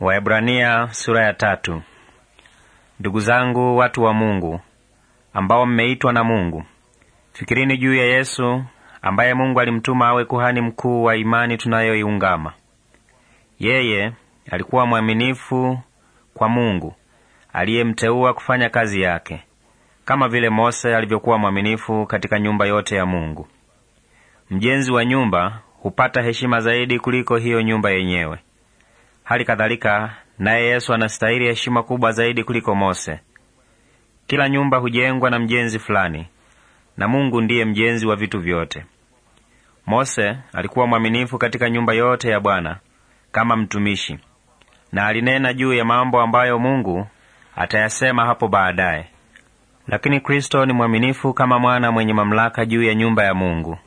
Waebrania sura ya tatu. Ndugu zangu watu wa Mungu ambao mmeitwa na Mungu, fikirini juu ya Yesu ambaye Mungu alimtuma awe kuhani mkuu wa imani tunayoiungama. Yeye alikuwa mwaminifu kwa Mungu aliyemteua kufanya kazi yake, kama vile Mose alivyokuwa mwaminifu katika nyumba yote ya Mungu. Mjenzi wa nyumba hupata heshima zaidi kuliko hiyo nyumba yenyewe. Hali kadhalika naye Yesu anastahili heshima kubwa zaidi kuliko Mose. Kila nyumba hujengwa na mjenzi fulani, na Mungu ndiye mjenzi wa vitu vyote. Mose alikuwa mwaminifu katika nyumba yote ya Bwana kama mtumishi, na alinena juu ya mambo ambayo Mungu atayasema hapo baadaye. Lakini Kristo ni mwaminifu kama mwana mwenye mamlaka juu ya nyumba ya Mungu.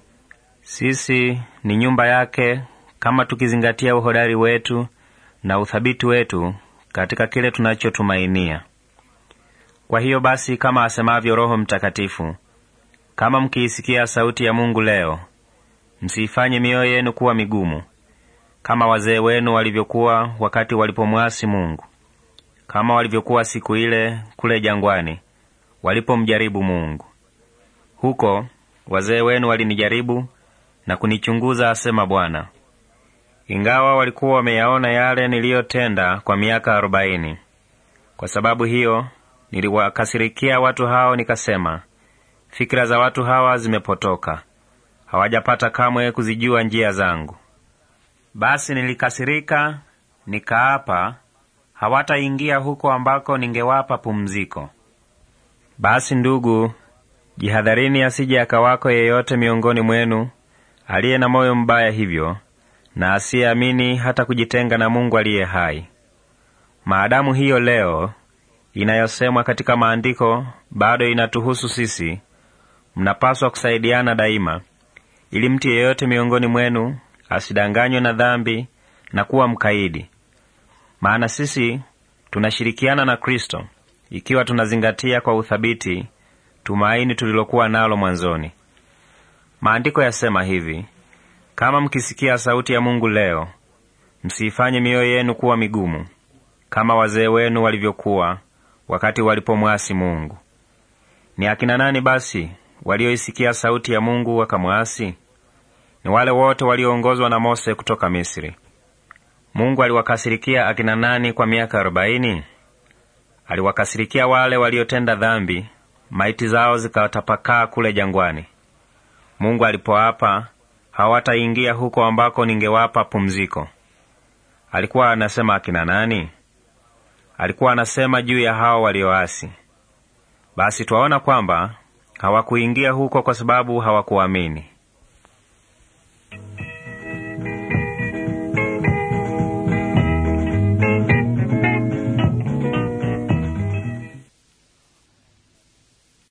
Sisi ni nyumba yake, kama tukizingatia uhodari wetu na uthabiti wetu katika kile tunachotumainia. Kwa hiyo basi, kama asemavyo Roho Mtakatifu, kama mkiisikia sauti ya Mungu leo, msiifanye mioyo yenu kuwa migumu, kama wazee wenu walivyokuwa wakati walipomwasi Mungu, kama walivyokuwa siku ile kule jangwani walipomjaribu Mungu. Huko wazee wenu walinijaribu na kunichunguza, asema Bwana, ingawa walikuwa wameyaona yale niliyotenda kwa miaka arobaini. Kwa sababu hiyo niliwakasirikia watu hao, nikasema, fikira za watu hawa zimepotoka, hawajapata kamwe kuzijua njia zangu. Basi nilikasirika, nikaapa hawataingia huko ambako ningewapa pumziko. Basi ndugu, jihadharini asije akawako yeyote miongoni mwenu aliye na moyo mbaya hivyo na asiyeamini hata kujitenga na Mungu aliye hai. Maadamu hiyo leo inayosemwa katika maandiko bado inatuhusu sisi, mnapaswa kusaidiana daima, ili mtu yeyote miongoni mwenu asidanganywe na dhambi na kuwa mkaidi. Maana sisi tunashirikiana na Kristo ikiwa tunazingatia kwa uthabiti tumaini tulilokuwa nalo mwanzoni. Maandiko yasema hivi: kama mkisikia sauti ya Mungu leo, msiifanye mioyo yenu kuwa migumu kama wazee wenu walivyokuwa wakati walipomwasi Mungu. Ni akina nani basi walioisikia sauti ya Mungu wakamwasi? Ni wale wote walioongozwa na Mose kutoka Misri. Mungu aliwakasirikia akina nani kwa miaka arobaini? Aliwakasirikia wale waliotenda dhambi, maiti zao zikatapakaa kule jangwani. Mungu alipoapa hawataingia huko ambako ningewapa pumziko. Alikuwa anasema akina nani? Alikuwa anasema juu ya hao walioasi. Basi twaona kwamba hawakuingia huko kwa sababu hawakuamini.